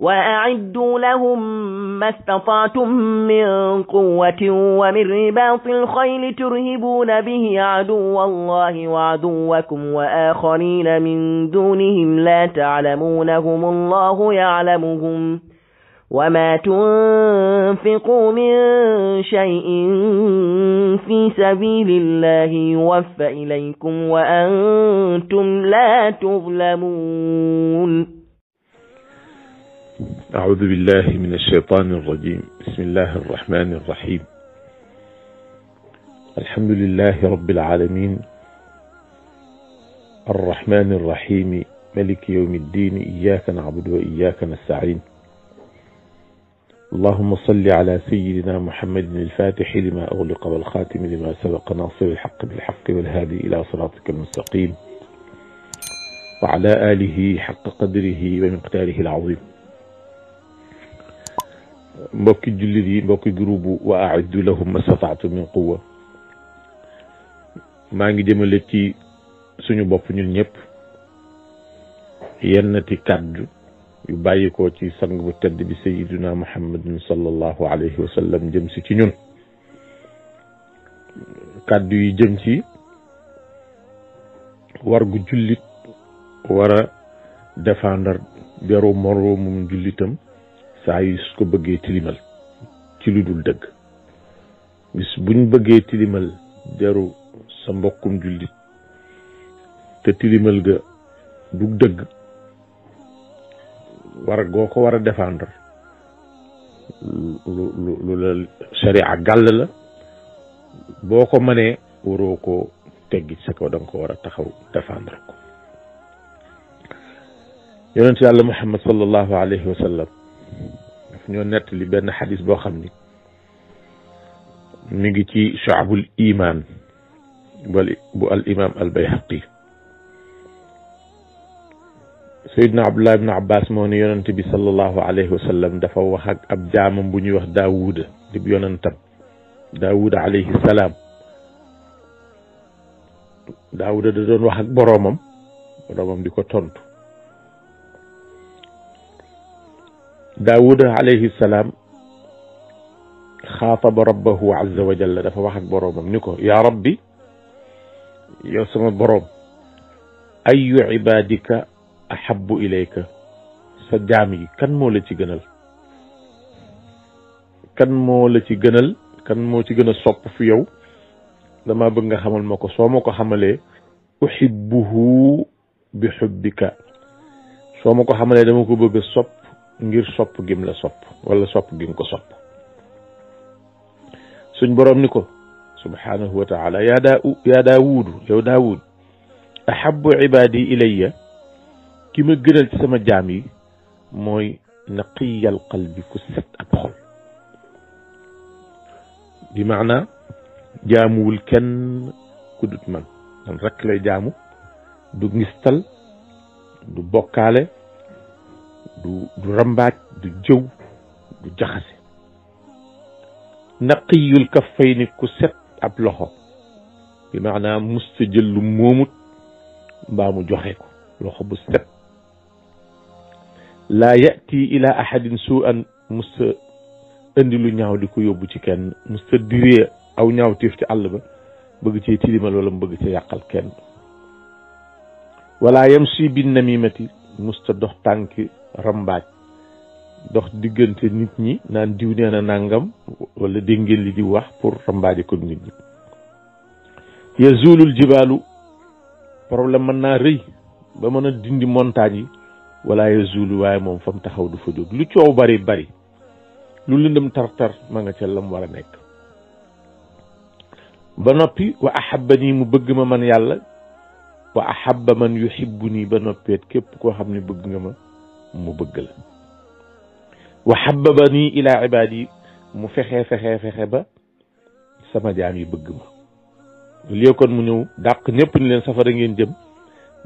وأعدوا لهم ما استطعتم من قوة ومن رباط الخيل ترهبون به عدو الله وعدوكم وآخرين من دونهم لا تعلمونهم الله يعلمهم وما تنفقوا من شيء في سبيل الله يوفى إليكم وأنتم لا تظلمون أعوذ بالله من الشيطان الرجيم بسم الله الرحمن الرحيم الحمد لله رب العالمين الرحمن الرحيم ملك يوم الدين إياك نعبد وإياك نستعين اللهم صل على سيدنا محمد الفاتح لما أغلق والخاتم لما سبق ناصر الحق بالحق والهادي إلى صراطك المستقيم وعلى آله حق قدره ومقداره العظيم مبكي جلدي مبكي جروب وأعد لهم ما استطعت من قوة ما عندي جملتي سنو بفن ينب ينتي كاد يبايكو تي سنغ بتد بسيدنا محمد صلى الله عليه وسلم جمسي تنون كاد يجمسي وارغ جلد ورا دفاندر برو مرو من جلدتم saa yu su ko bëggee tilimal ci lu dul dëgg bis buñ bëggee tilimal deru sa mbokkum jullit te tilimal ga du dëgg war goo ko war a défendre lu lu la sariya gàll la boo ko mënee waroo ko teggi sa kaw da ko war a taxaw défendre ko yonent yàlla muhammad sallallahu alayhi wa daf ñoo nettali benn xadis boo xam ni mi ngi ci shaabul iman bu al imam al bayhaqi sayidna abdullah ibn abbas moo ne yonent bi salallahu alayhi wa sallam dafa wax ak ab jaamam bu ñuy wax daawuda dib yonentam daawuda alayhi salaam daawuda da doon wax ak boroomam boroomam di ko tontu داود عليه السلام خاطب ربه عز وجل دا فواخ بروم نيكو يا ربي يا سما بروم اي عبادك احب اليك سجامي كان مولتي جنل گنال كان مو لتي گنال كان مو تي گنا سوب في يو دما بڭا خامل مكو سو مكو احبه بحبك سو مكو خامل دما ngir sopp gim la sopp wala sopp gim ko sopp suñ boroom ni ko subhanahu wa taala yaa daa yaa daawuudu yow daawuud ahabu ibaadi ilayya gënal sama jaam yi mooy naqiyal qalbi ku set ab xol bi maana jaamuwul kenn ku dut man man rekk lay jaamu du ngistal du bokkaale du du rambaaj du jëw du jaxase naqiyul kaffayni ku set ab loxo bi maana musta jël lu moomut mbaa mu joxe ko loxo bu set la yati ila ahadin suan musta indi lu ñaaw di ko yóbbu ci kenn musta diree aw ñaaw téef ci àll ba bëgg cee tilimal wala mu bëgg cee yàqal kenn wala yamsi bin namimati musta dox tànki Rambat, dox diggante nit ñi naan diw neena na nangam wala dengel li di wax pour rambaaje ko nit ñi yazulul jibalu problème man na reuy ba mëna dindi montagne yi wala yazulu way mom fam taxaw du fa lu ciow bari bari lu lëndëm tar-tar ma nga ci lam wara nek ba wa ahabbani mu bëgg ma man yalla wa ahabba man yuhibbuni ba noppeet képp koo bëgg nga ma مبجل bëgg la wa xababani ila ibaadi mu fexe fexe fexe ba sama jaam yi bëgg ma lii kon mu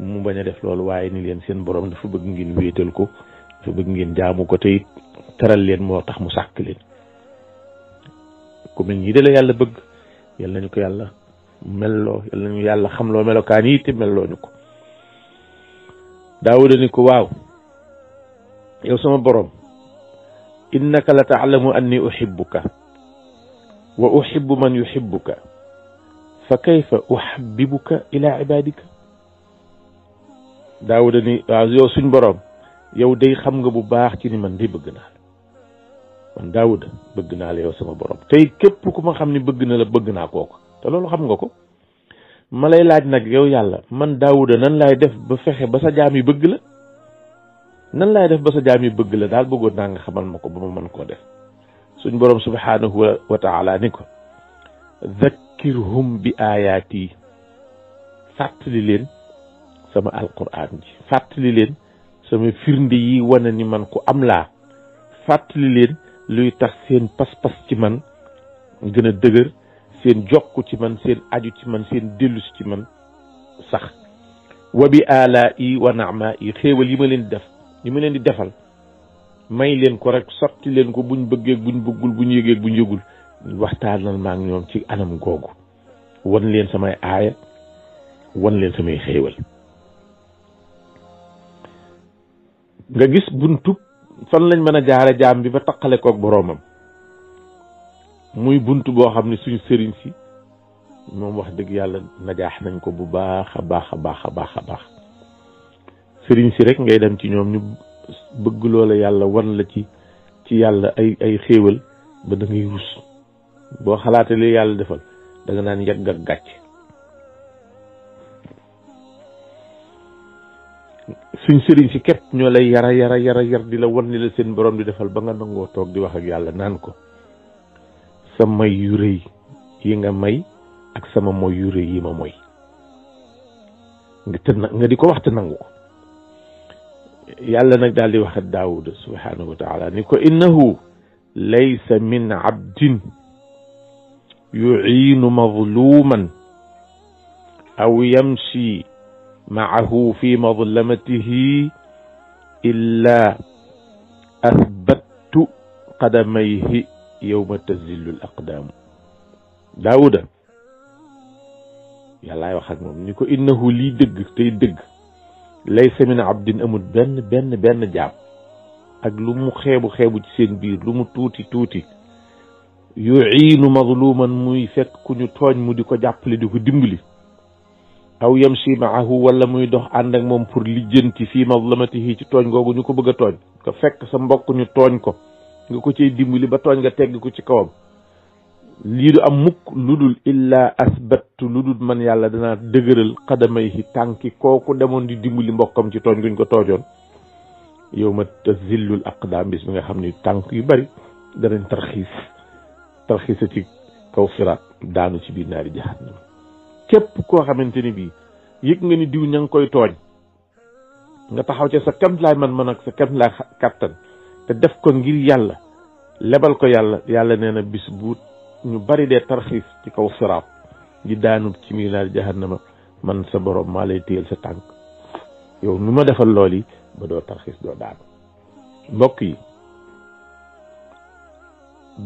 ñëw def loolu waaye ni leen seen borom dafa bëgg ngeen wéetal ko dafa bëgg ngeen jaamu ko te teral leen moo tax mu sàkk leen ku mel nii de yàlla bëgg yal nañu ko yàlla melloo yal nañu yàlla xamloo melokaan yi te melloo ñu ko daawuda ni ko waaw yow sama borom innaka la taalamu anni uhibbuka wa uhibbu man yuhibbuka fa kayfa uhabbibuka ila ibadika daawuda ni waaw yow suñ borom yow day xam nga bu baax ci ni man di bëgg naa la kon daawuda bëgg naa la yow sama borom tey képp ku ma xam ni bëgg na la bëgg naa kooku te loolu xam nga ko ma lay laaj nag yow yàlla man daawuda nan laay def ba fexe ba sa jaam yi bëgg la nan lay def ba sa jami yi bëgg la dal bëggoon na nga xamal mako ko ba ma mën koo def suñ borom subhanahu wa taala niko ko zakkirhum bi ayati fàttali len sama alquran ji fàttali len sama firnde yi wonani man ko am la fàttali len luy tax seen pas-pas ci man gëna deugër dëgër seen jokku ci man seen aju ci man seen delu ci man sax wa bi ala'i wa na'ma'i xewal xéewal yi ma leen def li mu leen di defal may leen ko rek sotti leen ko buñ bëggee buñ bëggul buñ yëgee buñ yëgul waxtaanal maa ngi ñoom ci anam googu wan leen samay aaya wan leen samay xéewal nga gis buntub fan lañ mën a jaare jaam bi ba taqale koog boroomam muy bunt boo xam ne suñu sëriñ si moom wax dëgg yàlla najaax nañ ko bu baax a baax a baax a baax a baax sëriñ si rek ngay dem ci ñoom ñu bëgguloo la yàlla wan la ci ci yàlla ay ay xéewal ba da ngay boo xalaatee li yàlla defal danga naan yàgg ak gàcc suñ sëriñ si képp ñoo lay yara yara yara yar di la wan ni la seen borom bi defal ba nga nangoo toog di wax ak yàlla naan ko sa may yu rëy yi nga may ak sama moy yu rëy yi ma mooy nga te nga di ko wax te nangu ko يالا نك لي واحد داوود سبحانه وتعالى نقول انه ليس من عبد يعين مظلوما او يمشي معه في مظلمته الا اثبت قدميه يوم تزل الاقدام داوود يالا واخا نيكو انه لي دغ تيدق laysa min abdin amul benn benn benn jaam ak lu mu xeebu xeebu ci seen biir lu mu tuuti tuuti yuiinu mazluman muy fekk ku ñu tooñ mu di ko jàppale di ko dimbali aw yamshi maahu wala muy dox ànd ak moom pour lijjanti fii mazlamatihi ci tooñ googu ñu ko bëgg a tooñ nga fekk sa mbokk ñu tooñ ko nga ko ciy dimbali ba tooñ nga tegg ko ci kawam lii du am mukk ludul illa illaa asbattu lu man yalla dana dëgëral xadamay yi tànki kooku demoon di dimbali mbokam ci togn guñ ko tojon yawma ma te zillul bis nga xamni tank yu bari danañ tarxiis tarxis ci kaw daanu ci biir naari jahannam kep ko xamanteni bi yek nga ni diw ñang koy togn nga taxaw ci sa kam lay man man ak sa kam lay kaptan te def ko ngir yalla lebal ko yalla yalla neena bis bu ñu bari de tarxiis ci kaw siraat di daanu ci muy laal jahannama man sa boroom maa lay téyel sa tànk yow nu ma defal lool yi ba doo tarxiis doo daan mbokk yi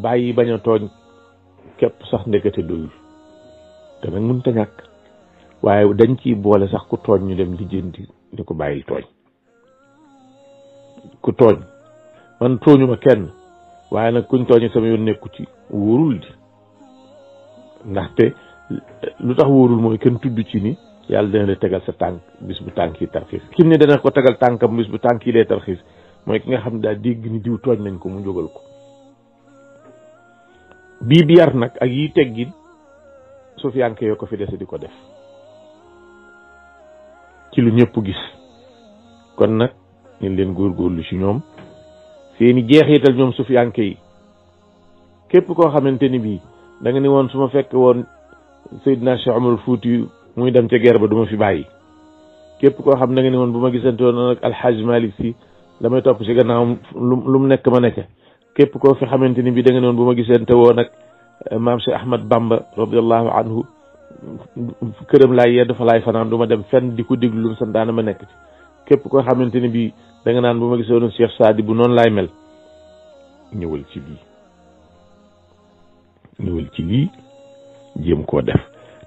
bàyyi bañ a tooñ képp sax ndekete doyul te nag mënut a ñàkk waaye dañ ciy boole sax ku tooñ ñu dem lijjanti ni ko bàyyil tooñ ku tooñ man tooñu kenn waaye nag kuñ tooñi sama yoon nekku ci wóorul di ndaxte lu tax wóorul mooy kenn tudd ci ni yàlla dana la tegal sa tànk bis bu tànk yi tarxiis kim ne dana ko tegal tànkam bis bu tànk yi lay tarxiis mooy ki nga xam ne daal dégg ni diw tooñ nañ ko mu jógal ko bii bi yar nag ak yi teggin sufiyanke yoo ko fi dese di ko def ci lu ñëpp gis kon nag ñu leen góor góorgóorlu ci ñoom seeni yital ñoom sufiyanke yi képp koo xamante ni bii da nga ni woon su ma fekk woon Seydina Cheikh Omar Fouti muy dem ca guerre ba du ma fi bàyyi képp koo xam da nga ni woon bu ma gisante woon ak alxaaj Malick si damay topp si gannaawam lu lu mu nekk ma nekk képp koo fi xamante ni bi da nga ni woon ma gisante woon ak eh, maam Cheikh Ahmad Bamba radiallahu anhu këram laay yee dafa laay fanaan du ma dem fenn di ko déglu lu mu ma nekk ci képp koo xamante ni bi da naan bu ma gisoon Cheikh Saadi bu noonu laay mel ñëwal ci bii ñewul ci li jëm ko def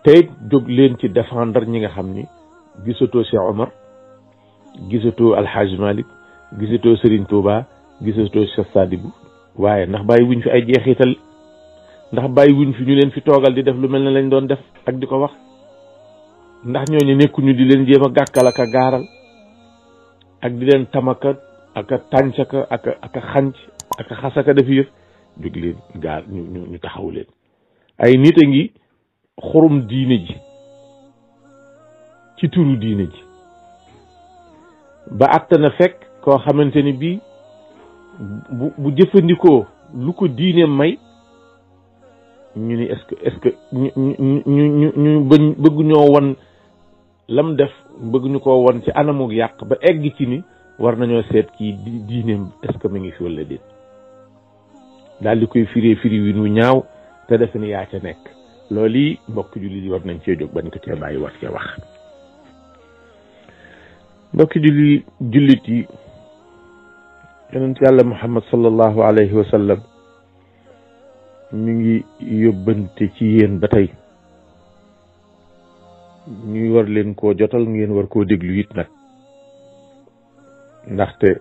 tay jóg leen ci défendre ñi nga xamni ni gisatoo Cheikh Omar al Alhaaj Malik gisatoo Serigne Touba gisatoo Cheikh Sadibou waye ndax bàyyi wuñ fi ay jeexital ndax bàyyi wuñ fi ñu leen fi togal di def lu melni lañ doon def ak di wax ndax ñooñu nekkuñu di leen jema a ak gaaral ak di leen tamaka ak tanchaka ak ak xanj ak def yëf jóg leen gaar ñu ñu taxaw leen ay nit a ngi xorom diine ji ci turu diine ji ba àtt na fekk koo xamante ni bii bu jëfandikoo lu ko diine may ñu ni est-ce que est-ce ñu ñu ñu ñu bëgg ñoo won lam def bëgg ñu ko won ci anamuk yàq ba egg ci ni war nañoo seet kii diineem est-ce que mi ngi fi walla déet daal di koy firee firi wi wu ñaaw te defe ni yaa ca nekk loolu yi mbokk jullit yi war nañ cee jóg bañ ko cee bàyyi war cee wax mbokk julli jullit yi yonent yàlla muhammad sallallahu alayhi wa sallam mi ngi yóbbante ci yéen ba tey ñuy war leen koo jotal ngeen war koo déglu nag ndaxte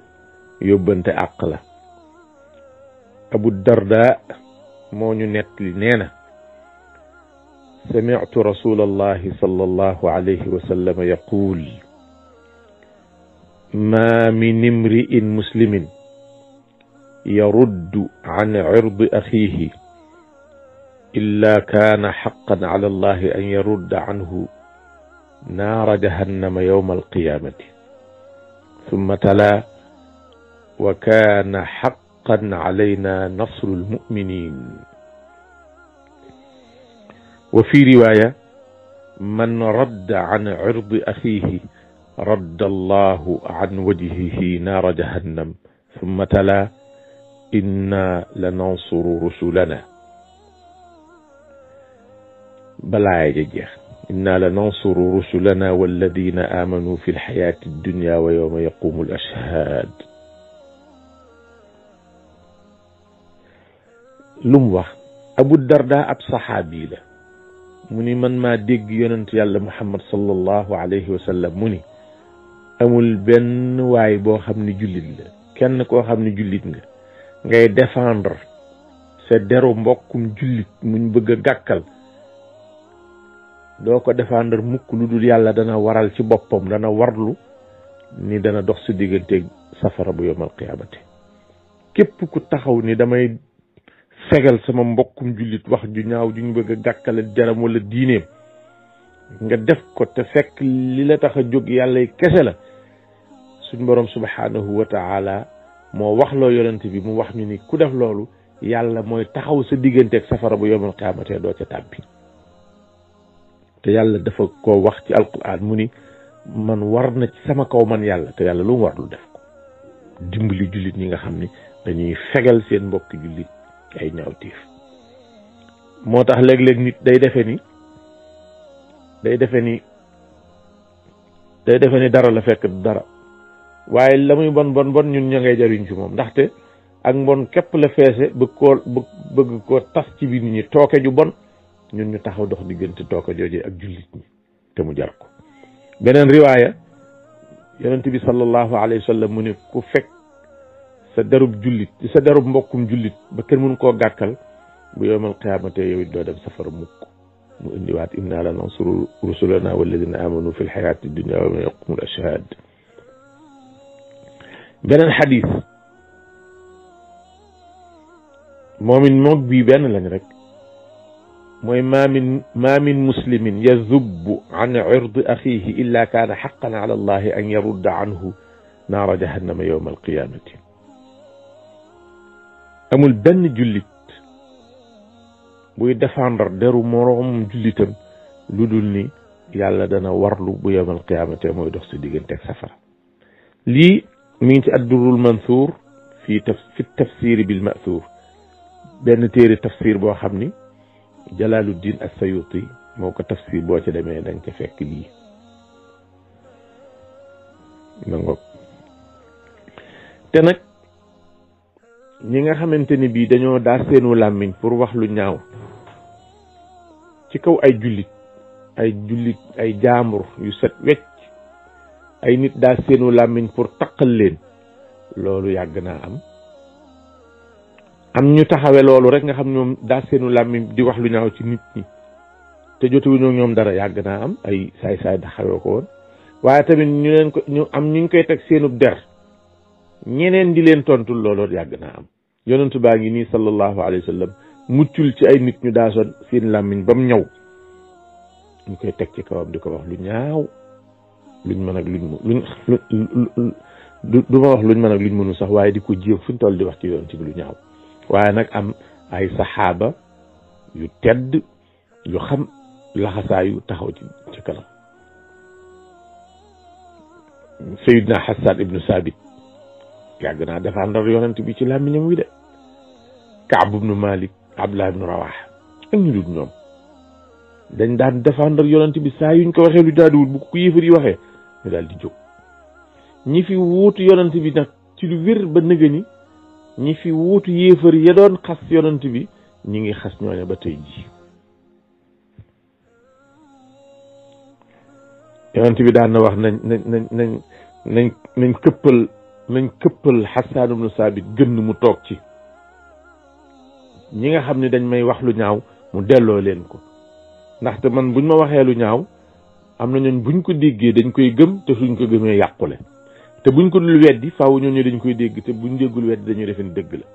yóbbante àq la أبو الدرداء moo ñu nettali سمعت رسول الله صلى الله عليه وسلم يقول ما من امرئ مسلم يرد عن عرض اخيه الا كان حقا على الله ان يرد عنه نار جهنم يوم القيامه ثم تلا وكان حقا حقا علينا نصر المؤمنين وفي روايه من رد عن عرض اخيه رد الله عن وجهه نار جهنم ثم تلا انا لننصر رسلنا بلا آية يجيخ انا لننصر رسلنا والذين امنوا في الحياه الدنيا ويوم يقوم الاشهاد lu mu wax abul darda ab saxaabi la mu ni man maa dégg yonent yàlla muhammad sallallahu alayhi wa sallam mu ni amul benn waay boo xam ni jullit la kenn koo xam ni jullit nga ngay défendre sa deru mbokkum jullit muñ bëgg a gàkkal doo ko défendre mukk lu dul yàlla dana waral ci boppam dana warlu ni dana dox si digganteeg safara bu yomal qiyaamate képp ku taxaw ni damay tegal sama mbokkum jullit wax ju ñaaw ju ñu bëgg a gàkkale jaram wala diineem nga def ko te fekk li la tax a jóg yàlla kese la suñ borom subhanahu wa taala moo wax loo yonent bi mu wax ñu ni ku def loolu yàlla mooy taxaw sa digganteeg safara bu yomul xaamatee doo ca tàbbi te yàlla dafa ko wax ci alquran mu ni man war na ci sama kaw man yàlla te yàlla lu mu war lu def ko dimbali jullit ñi nga xam ni dañuy fegal seen mbokki jullit ay ñaawtiif moo tax léeg-léeg nit day defe ni day defe ni day defe ni dara la fekk dara waaye la muy bon bon bon ñun ña ngay jariñ ci moom ndaxte ak mbon képp la feese bëgg koo bëgg koo tas ci biir nit ñi tooke ju bon ñun ñu taxaw dox diggante tooke jooje ak jullit ñi te mu jar ko beneen riwaaya yonent bi sallallahu alayhi wa mu ne ku fekk sa darub jullit sa darub mbokkum jullit ba kenn mënu koo gàkkal bu yowmal qiyaamate yow it doo dem safara mukk mu indiwaat inna la nansuru rusulana walladina amanu fi lxayaati dunia wa yawma yaqumul ashhad beneen xadis moom it moog bii benn lañ rek mooy maa min maa min muslimin yazubbu an irdi axiihi illa kaana xaqan ala allahi an yarudda anhu naara jahannama yowma alqiyamati amul benn jullit buy défendre deru moroom jullitam lu dul ni yàlla dana warlu bu yemal qiyaamate mooy dox si digganteeg safara lii mi ngi ci addurul mansuur fii taf fi tafsiri bil masuur benn téere tafsir boo xam ni jalaaluddin as-sayuti moo ko tafsir boo ci demee da nga fekk lii te nag ñi nga xamante ni bii dañoo daa seenu làmmiñ pour wax lu ñaaw ci kaw ay jullit ay jullit ay jaambur yu set wecc ay nit daa seenu làmmiñ pour taqal leen loolu yàgg naa am am ñu taxawe loolu rek nga xam làmmiñ di wax lu ñaaw ci nit ñi te jotewuñu ñoom dara yàgg naa am ay saay-saay taxawee ko woon waaye tamit ñu leen ko ñu am ñu ngi koy teg seenub der ñeneen di leen tontul looloo yàgg naa am yonentu baa ngi nii sallallahu alayhi wa sallam muccul ci ay nit ñu daasoon seen làmmiñ ba mu ñëw ñu koy teg ci kawam di ko wax lu ñaaw luñ mën ak luñ luñ du ma wax luñ mën ak luñ mënu sax waaye di ko jéem fu ñu toll di wax ci yonent bi lu ñaaw waaye nag am ay saxaaba yu tedd yu xam laxasaayu taxaw ci ci kanam Seydina Hassan ibnu yàgg naa défendre yonent bi ci làmmiñam wi de Kaab ibnu Malik Abdullah ibnu Rawax a ñu dut ñoom dañ daan défendre yonent bi saa yuñ ko waxee lu jaaduwul bu ko yéefar waxee ñu daal di jóg ñi fi wuutu yonent bi ci lu wér fi wuutu yéefar ya doon xas yonent bi ñi ngi xas ñooñe ba tey ji bi daan na wax nañ nañ nañ nañ këppal nañ këppal Xasaan ibnu Saabit gënn mu toog ci ñi nga xam ne dañ may wax lu ñaaw mu delloo leen ko ndaxte man buñ ma waxee lu ñaaw am na ñooñ buñ ko déggee dañ koy gëm te suñ ko gëmee yàqule te buñ ko dul weddi faaw ñooñu dañ koy dégg te bu ñu déggul weddi dañuy defen dëgg la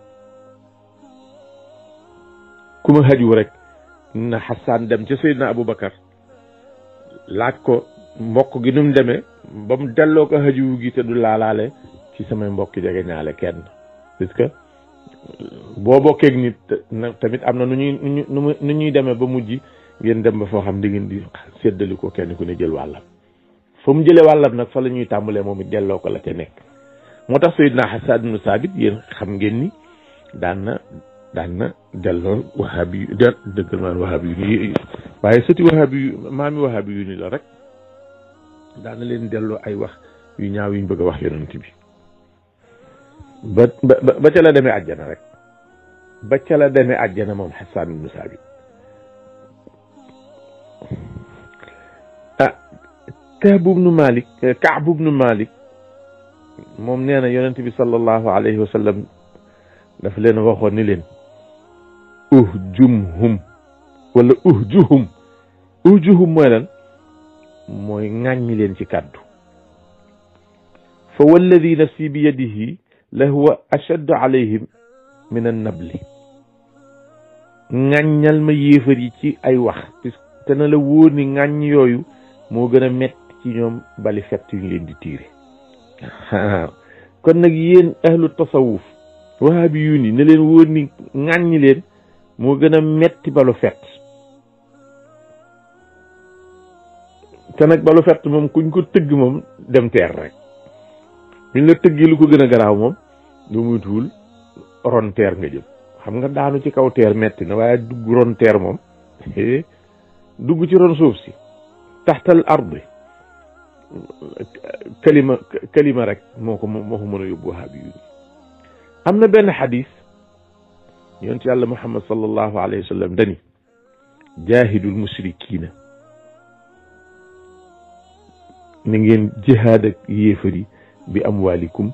ku ma xaju rek na Xasaan dem ca Seydina Aboubacar laaj ko mbokk gi nu mu demee ba mu delloo ko xajuwu gi te du laalaale ci samay mbokki jege ñaale kenn parce que boo bokkeeg nit tamit am na nu ñuy nu ñuy demee ba mujj ngeen dem ba foo xam di ngeen di séddali ko kenn ku ne jël wàllam fa mu jëlee wàllam nag fa la ñuy tàmbalee moom it delloo ko la ca nekk moo tax Seydina Hasan ibn Saabit yéen xam ngeen ni daan na daan na delloo wahaabi yu de dëggal maan wahaabi yu ni la rek daan na leen delloo ay wax yu ñaaw yuñ bëgg a wax yonent bi ba ba ca la demee àjjana rek ba ca la demee àjjana moom Xasaan ibnu Saabit ah Kaab ibnu Malik Kaab ibnu Malik moom nee na yonent bi sallallahu alayhi wa sallam daf leen waxoon ni leen uhjumhum wala uhjuhum uhjuhum mooy lan mooy ŋàññi leen ci kàddu fa walladi nafsi bi yadihi lahuwa ashaddu alayhim min an nabli ŋàññal ma yéefar yi ci ay wax puisque te na la wóor ni ŋàññ yooyu moo gën a metti ci ñoom bali fett yuñ leen di tiire kon nag yéen ahlu tasawuf wahabi yu ni ne leen wóor ni ŋàññi leen moo gën a metti balu fett te balu fett moom kuñ ko tëgg moom dem teer rek buñ la tëggee lu ko gëna graw mom do muy tuul ron terre nga jëm xam nga daanu ci kaw terre metti na waya dug ron terre mom dug ci ron suuf ci tahta al ard kalima kalima rek moko ko moo ko yóbbu habi yu am na benn xadis yonent yàlla muhammad sallallahu alayhi wasallam dani jahidul musrikiina ni ngeen jihad ak yefeuri باموالكم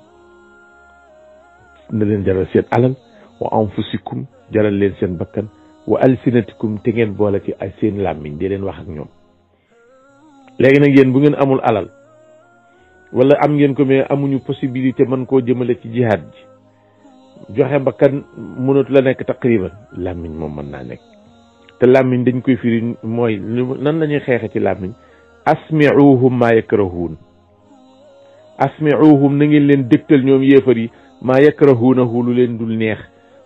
نلن جرال سيت علل وانفسكم جرال لين سين بكن والسنتكم تين بولتي اي لامين دي لين واخ اك نيوم لغي نك بوغن امول علل ولا ام يين كو مي امو نيو بوسيبيليتي مان كو جيمل سي جهاد جي جوخه بكن منوت لا تقريبا لامين مو من نا te lamiñ dañ koy firi mooy nan la ñuy xeexe ci lamiñ asmiuhum na ngeen leen dégtal ñoom yéefar yi maa yakrahuunahu lu leen dul neex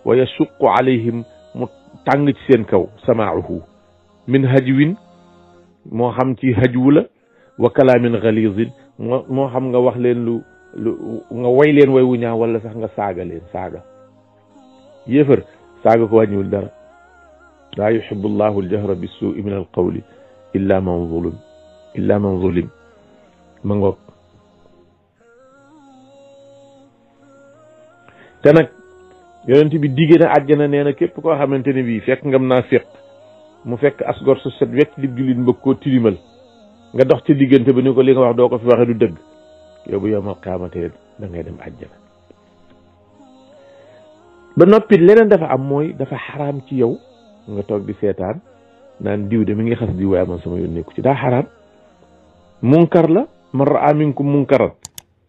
wa yasuqu alayhim mu tàng ci seen kaw samaahu min hajwin moo xam ci hajwu la wa kalaamin galiizin moo moo xam nga wax leen lu lu nga way leen way wu ñaaw wala sax nga saaga leen saaga yéefar saaga ko wàññiwul dara laa yuxibu allahu aljahra bissuui min alqawli illa man zulim illa man zulim ma ngoog te nag yonent bi digée na àjjana nee na képp koo xamante ne bii fekk ngam naa féq mu fekk asgor su set wecc jullit mbëgg koo tilimal nga dox ci diggante ba ni ko li nga wax doo fi waxee du dëgg yow bu yomal xaamatee dem àjjana ba noppi leneen dafa am mooy dafa xaraam ci yow nga toog di seetaan naan diw de mi ngi xas diw waaye man sama yoon nekku ci daa xaraam munkar la man raa munkaran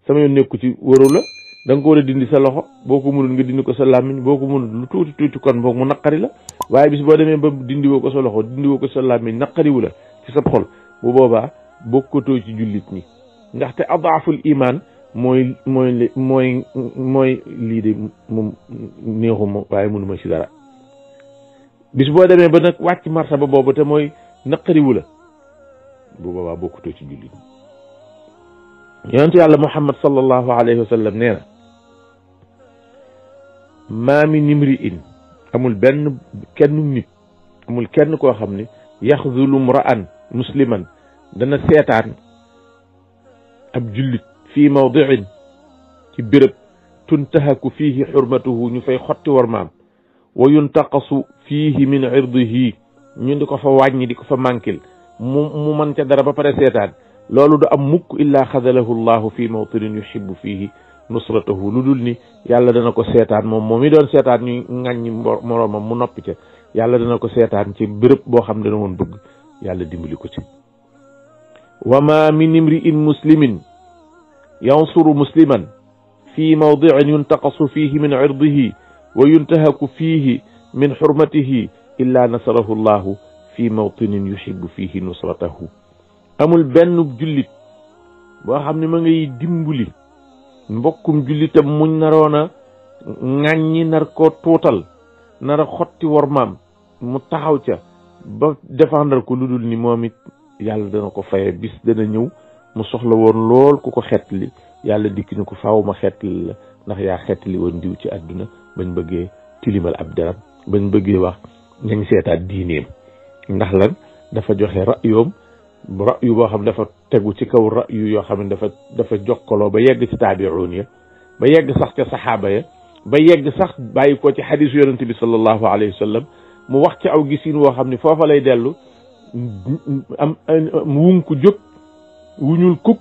sama yoon nekku ci waru la da nga ko war dindi sa loxo boo ko mënul nga dindi ko sa làmmiñ boo ko mënul lu tuuti tuuti kon boog mu naqari la waaye bis boo demee ba dindi ko sa loxo dindi woo ko sa làmmiñ naqariwu la sa xol bu boobaa bokkatoo ci jullit ñi ndaxte adaaful iman mooy mooy mooy mooy lii waaye mënuma ci dara bis boo demee ba nag wàcc ba boobu te mooy naqariwu la bu ci jullit ñi yonentu yàlla muhammad sallallahu alayhi wa sallam nee mami min nimri in amul ben kenn nit amul kenn ko xamni ne yaxzulu mra'an musliman dana setan ab julit fi mawdiin ci birab tuntahaku fihi hurmatuhu ñu fay xotti war mam wayuntaqasu fihi min irdihi ñu ndiko fa wañi diko fa mànkil mu man ca dara ba pare setan lolu du am mukk illa xadalahu allah fi mawtin yuhibbu fihi nusratahu lu dul ni yàlla dana ko seetaan moom moom mi doon seetaan ñuy ŋàññi moroomam mu noppi ca yàlla dana ko seetaan ci béréb boo xam ne dana woon bëgg yàlla dimbali ko ci wa ma min imri in muslimin yansuru musliman fi mawdicin yuntaqasu fihi min irdihi wa yuntahaku fihi min xurmatihi illa nasarahu llahu fi mawtinin yuhibu fihi nusratahu amul benn jullit boo xam ne ma ngay dimbali mbokkum jullitam mu naroon a ŋàññi nar ko tuutal nar a xotti maam mu taxaw ca ba défendre ko lu dul ni moom it yàlla dana ko faye bis dana ñëw mu soxla woon lool ku ko xettali yàlla dikk ni ko faaw ma xettali la ndax yaa xettali woon diw ci àdduna bañ bëggee tilimal ab daram bañ bëggee wax nañ seetaan diineem ndax lan dafa joxe ra'yoom راي بو خا دافا تيغو سي كاو راي يو خا من دافا دافا جوكلو با ييغ سي تابعون يا با ييغ صاح تي صحابه يا با ييغ صاح بايكو تي حديث يونت بي صلى الله عليه وسلم مو وقت او غيسين و خا من فوفا لاي ديلو ام مونكو جوك وونول كوك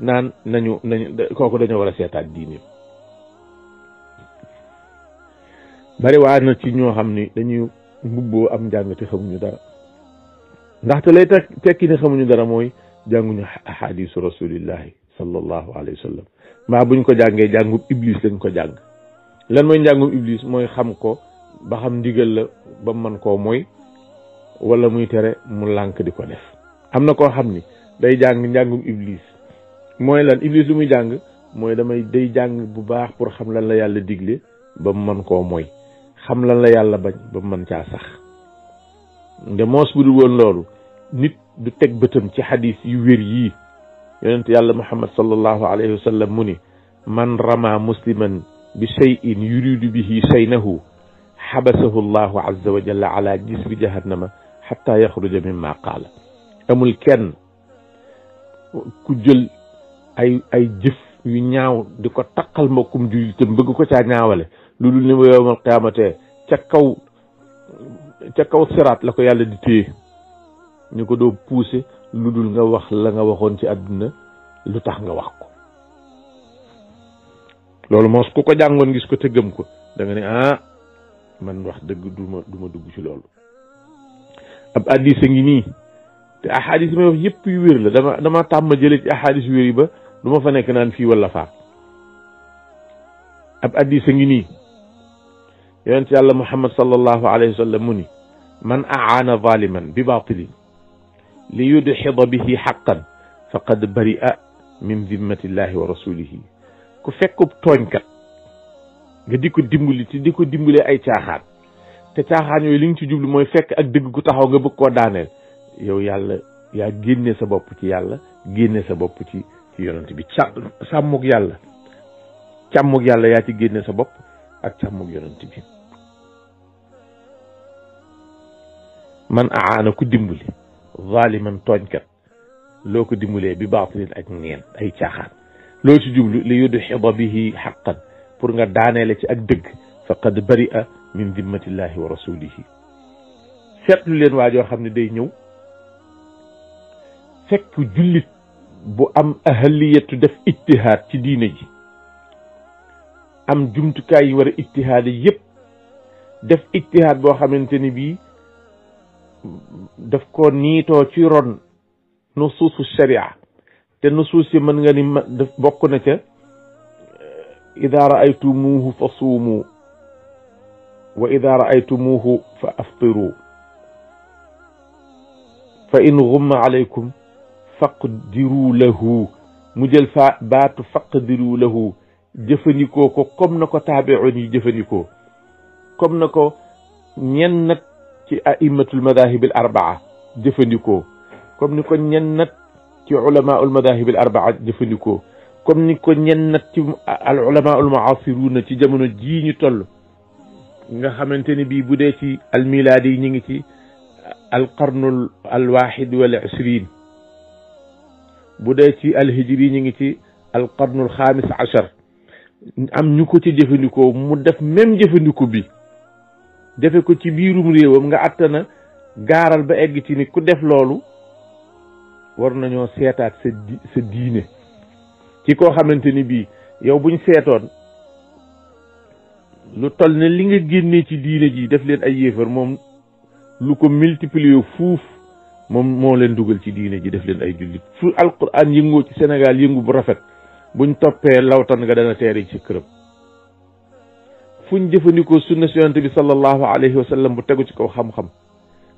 نان نانيو كوكو دانيو ورا سيتات ديني bari waana ci ñoo xam dañuy mbubboo am njàng te dara ndaxte lay tek tekki ne xamuñu dara mooy jànguñu ahadisu rasulillahi sallallahu alayhi wa sallam maa buñ ko jàngee jàngub iblis lañ ko jàng lan mooy njàngum iblis mooy xam ko ba xam la ba man koo mooy wala muy tere mu lànk ko def am na koo xam ni day jàng njàngum iblis mooy lan iblis lu muy jàng mooy damay day jàng bu baax pour xam lan la yàlla digle ba man koo mooy xam lan la yàlla bañ ba man caa sax nde moos bu dul woon loolu nit du teg bëtam ci hadith yu wér yi yonent yàlla muhammad sallallahu alayhi wasallam muni man rama musliman bi shay'in yuridu bihi shaynahu habasahu allah azza wa jalla ala jisri jahannama hatta yakhruj mimma qala amul ken ku jël ay ay jëf yu ñaaw di ko taqal mbokkum julitam bëgg ko ca ñaawale lu dul ni ba yowmal qiyamatee ca kaw ca kaw seraat la ko yàlla di téye ñu ko doo poussé lu dul nga wax la nga waxoon ci àdduna lu tax nga wax ko loolu moos ku ko jàngoon gis ko te gëm ko da nga ne ah man wax dëgg du ma dugg ci loolu ab addis a ngi nii te ahadis may wax yëpp yu wér la dama dama tàmm jële ci ahadis yu wér ba du ma fa nekk naan fii wala faa ab addis a ngi nii يونس يالله محمد صلى الله عليه وسلم مني من أعان ظالما بباطل ليدحض به حقا فقد برئ من ذمة الله ورسوله كفك بتونك غديك ديمولي تي ديكو ديمولي اي تياخان تي تياخان يوي لين تجوبل موي فك اك دغ كو تاخو غبو كو دانيل يو يالله يا غيني سا بوب تي يالله غيني سا بوب تي تي يونت بي تشام يالله تشام يالله يا تي غيني سا بوب اك تشام يونت بي man aana ku dimbali zaliman tooñkat loo ko dimbalee bi baatilin ak neen ay caaxaan loo ci jublu li yudxida bihi xaqan pour nga daaneele ci ak dëgg faqad baria min dimmatillahi wa rasulihi seetlu leen waa joo xam ne day ñëw fekk jullit bu am ahaliyatu def ittihaad ci diine ji am jumtukaay yi war a ittihaad yépp def ittihaad boo xamante ni bii daf ko nito ci ron nususu sharia te nusuus man nga ni bokku na ca idha ra'aytumuhu fasumu wa idha ra'aytumuhu fa aftiru fa in ghumma alaykum faqdiru lahu mu jël fa batu faqdiru lahu jëfandikoo ko comme nako ko taabiun yi jëfandikoo comme nako ñen nak ci aimatul madahibil arbaa jëfandikoo comme ni ko nat ci ulamaul madahibil arbaa jëfandikoo comme ni ko nat ci al ulamaul mu'asirun ci jamono ji ñu toll nga xamanteni bi budé ci al miladi ñi ngi ci al qarn al wahid wal 20 budé ci al hijri ñi ngi ci al qarnul xaamis achar am ñuko ci jëfandikoo mu def même jëfandiku bi defé ko ci birum rewam nga attana garal ba egg ci ni ku def lolu war nañu sétat sa sa diiné ci ko xamanteni bi yow buñ sétone lu tol ne li nga génnee ci diiné ji def leen ay yéfer mom lu ko multiplier fouf mom mo leen duggal ci diiné ji def leen ay julit fu alquran yëngoo ci sénégal yëngu bu rafet buñ toppee lawtan nga dana téré ci kërëm fuñ jëfëndiko jëfandikoo sunna si yonante bi sallallahu alayhi wa sallam bu tegu ci kaw xam-xam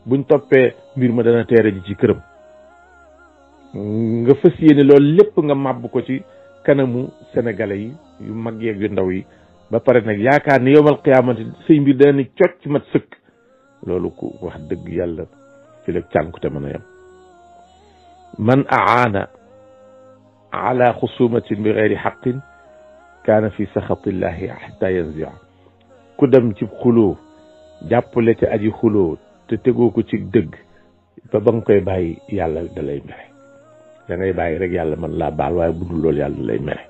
buñ toppee mbir ma dana téré ji ci kërëm nga fas yéene loolu lépp nga mabbu ko ci kanamu sénégalais yi yu mag yeeg yu ndaw yi ba pare nak yaakaar ni yowal qiyamati sey mbir dana ni ci mat sëkk loolu ku wax dëgg yàlla ci lek cànkute mën a yem man aana ala xusumatin bi gayri كان في سخط الله حتى ينزعه ku dem ci xuloo jàppale ci aji xuloo te tegoo ko ci dëgg ba ba nga koy bàyyi yàlla da lay mere da bàyyi rek yàlla man laa baal waaye bu dul loolu yàlla da lay mere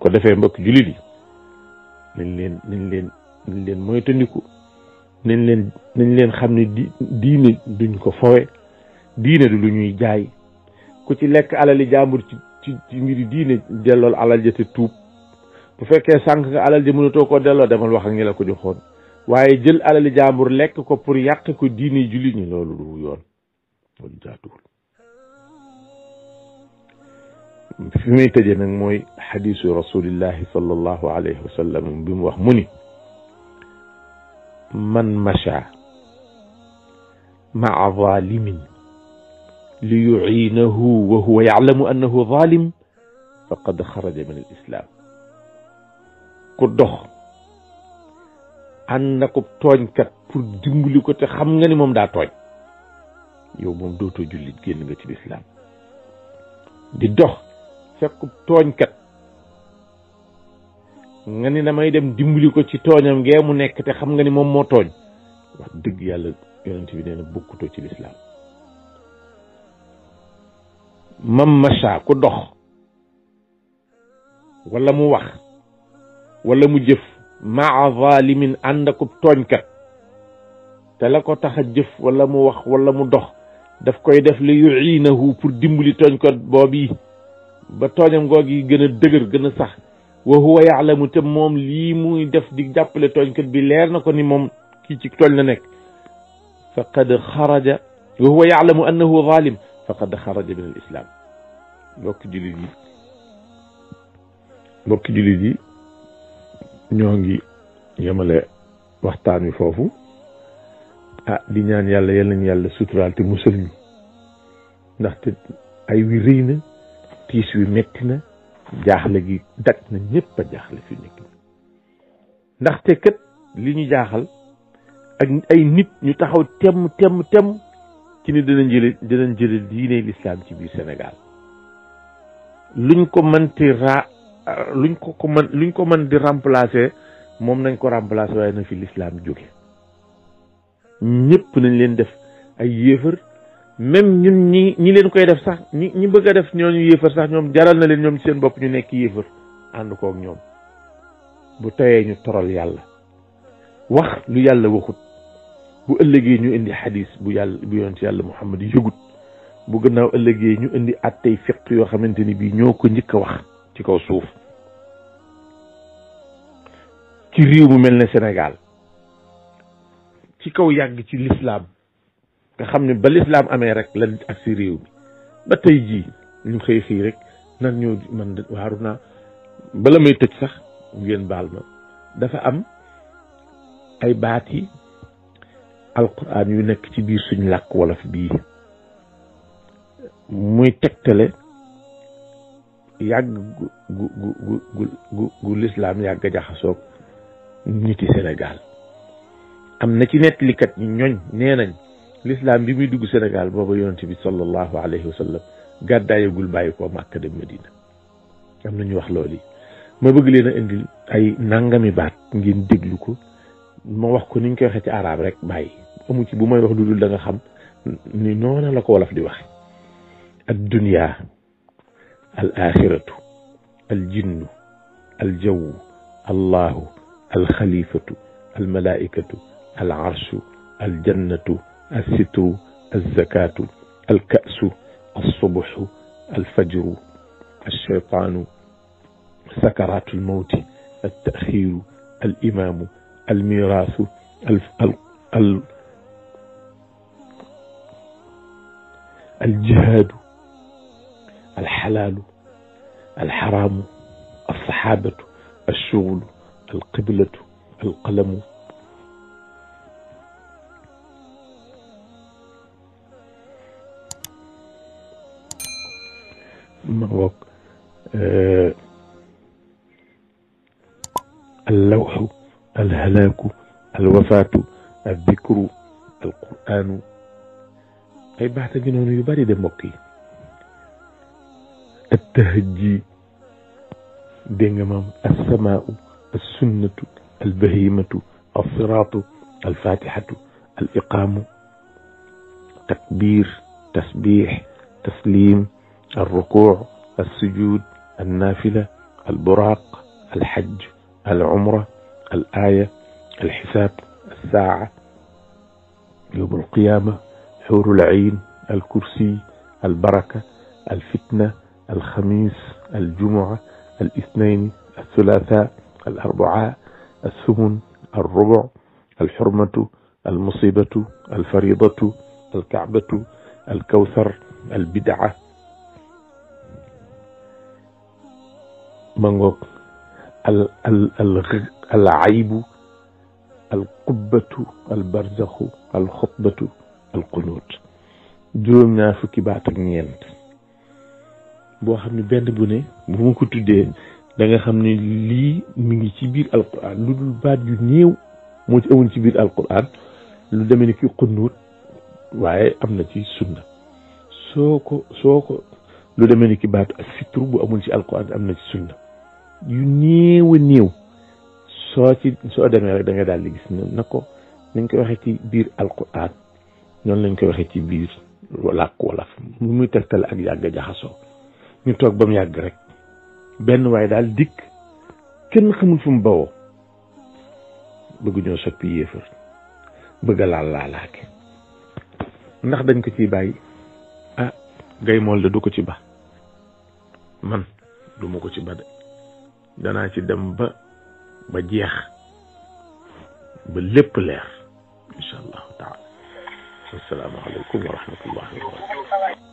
ko defee mbokk jullit yi nañ leen nañ leen leen moytandiku nañ leen nañ leen xam ne di diine duñ ko fowe diine du lu ñuy jaay ku ci lekk alali jàmbur ci ci ci mbiri diine dellool alal ja te tuub bu fekke sank nga alal ji mënatoo ko delo demal wax ak ñila ko joxoon waye jël alal alali jaambur lek ko pour yàq ko diini julli ñi lolu du yoon bon jaatul fi mi tëje nak moy hadithu rasulillah sallallahu alayhi wasallam bi mu wax muni man masha مع ظالم ليعينه وهو يعلم انه ظالم فقد خرج من الاسلام ku dox ànd na ko tooñkat pour dimbali ko te xam nga ni moom daa tooñ yow moom dootoo jullit génn nga ci lislaam di dox fekk tooñkat nga ni damay dem dimbali ko ci tooñam ngee mu nekk te xam nga ni moom moo tooñ wax dëgg yàlla yonent bi nee na ci lislaam mam macha ku dox walla mu wax wala mu jëf maa zalimin ànd akub tooñkat te la ko tax a jëf wala mu wax wala mu dox daf koy def li yuinahu pour dimbali tooñkat boobu ba tooñam goog yi gën a dëgër gën a sax wa huwa yaalamu te moom lii muy def di jàppale tooñkat bi leer na ko ni moom kii ci tooñ la nekk faqad xaraja wa huwa yaalamu annahu zalim faqad xaraja min al islam mbokki jullit yi mbokki jullit yi ñongi yamale waxtaan wi fofu ah di ñaan yàlla yalla ñu yàlla sutural te musul ñu ndax te ay wi reyna na wi metti na jaaxle gi dat na ñëpp a jaaxle fi nekk ndax te kat li ñu jaaxal ak ay nit ñu taxaw tem tem tem ci ni dinañ jël dinañ jël diine l'islam ci biir Sénégal luñ ko mënti raa Euh, luñ ko ko mën luñ ko mën di remplacer moom nañ ko remplacer waaye na fi lislaam jóge ñëpp nañ leen def ay yéefar même ñun ñi ñi leen koy def sax ñi ñi bëgg a def ñooñu yéefar sax ñoom jaral na leen ñoom seen bopp ñu nekk yéefar ànd kook ñoom bu teyee ñu toral yàlla wax lu yàlla waxut bu ëllëg yi ñu indi xadis bu yàlla bu yonent yàlla Muhammad yëgut bu gannaaw yi ñu indi at tey fiq yoo xamante ni bii ñoo ko njëkk a wax ci kaw suuf ci réew mu mel ne senegaal ci kaw yàgg ci lislaam nga xam ne ba lislaam amee rek la ak ci réew mi ba tey jii ñu xëy xëy rek nan ñoo man waaru naa bala may tëj sax ngeen baal ma dafa am ay baat yi alquran yu nekk ci biir suñ làkk wolof bii muy tegtale yàgg gu gu gu gu gu lislaam yàgg jaxasoog niti Sénégal am na ci nettalikat ñi ñoñ nee nañ l'islam bi muy dugg senegal booba yonent bi sallallahu alayhi wa sallam gàddaayagul bàyyi ko Màkka dem Madina am na ñu wax loolu yi ma bëgg leen a indil ay nangami baat ngeen déglu ko ma wax ko ni ñu koy waxee ci arab rek bàyyi amu ci bu may wax lu dul da xam ni noona la ko wolof di wax ad dunya al axiratu al jinnu al jaww allahu الخليفة الملائكة العرش الجنة الستر الزكاة الكأس الصبح الفجر الشيطان سكرات الموت التأخير الإمام الميراث الف... ال... ال... الجهاد الحلال الحرام الصحابة الشغل القبلة القلم مواقع آه اللوح الهلاك الوفاة الذكر القرآن أي بحث جنون يباري دموكي التهجي دينغمام السماء السنة البهيمة الصراط الفاتحة الإقامة تكبير تسبيح تسليم الركوع السجود النافلة البراق الحج العمرة الآية الحساب الساعة يوم القيامة حور العين الكرسي البركة الفتنة الخميس الجمعة الاثنين الثلاثاء الأربعاء الثمن الربع الحرمة المصيبة الفريضة الكعبة الكوثر البدعة العيب القبة البرزخ الخطبة القنوت جرم نافك بعد baat ak ñeent بني xam ne danga xam ne lii mi ngi ci biir alquran lu dul baat yu néew moo ci amoon ci biir alquran lu deme ni ki xunnuut waaye am na ci sunna soo ko soo ko lu demee ni ki baatu ak sitru bu amul ci alquran am na ci sunna yu néew a néew soo ci soo demee rek da nga daal di gis ne na ko nañ koy waxee ci biir alquran noonu lañ koy waxee ci biir làkk wolof mu muy tegtale ak yàgg jaxasoo ñu toog ba mu yàgg rek benn waaye daal dikk kenn xamul fu mu bawoo bëgg ñoo soppi yéefar bëgg a laal laalaake ndax dañ ko ci bàyyi ah gay mool de du ko ci ba man du ma ko ci ba de danaa ci dem ba ba jeex ba lépp leer incha allahu taala assalaamu aleykum wa rahmatullahi